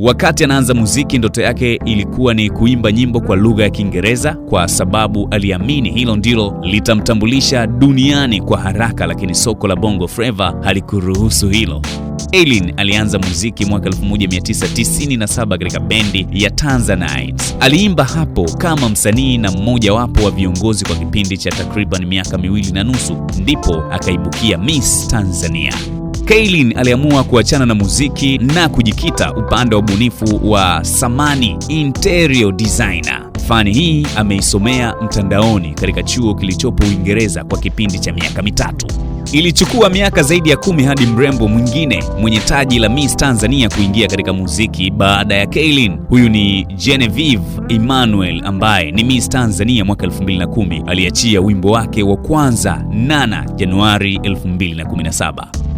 Wakati anaanza muziki, ndoto yake ilikuwa ni kuimba nyimbo kwa lugha ya Kiingereza kwa sababu aliamini hilo ndilo litamtambulisha duniani kwa haraka, lakini soko la Bongo Flava halikuruhusu hilo. Aileen alianza muziki mwaka 1997 katika bendi ya Tanzanite. Aliimba hapo kama msanii na mmojawapo wa viongozi kwa kipindi cha takriban miaka miwili na nusu, ndipo akaibukia Miss Tanzania. Kaylin aliamua kuachana na muziki na kujikita upande wa ubunifu wa samani, interior designer. Fani hii ameisomea mtandaoni katika chuo kilichopo Uingereza kwa kipindi cha miaka mitatu. Ilichukua miaka zaidi ya kumi hadi mrembo mwingine mwenye taji la Miss Tanzania kuingia katika muziki baada ya Kaylin. Huyu ni Genevieve Emmanuel ambaye ni Miss Tanzania mwaka 2010. Aliachia wimbo wake wa kwanza Nana Januari 2017.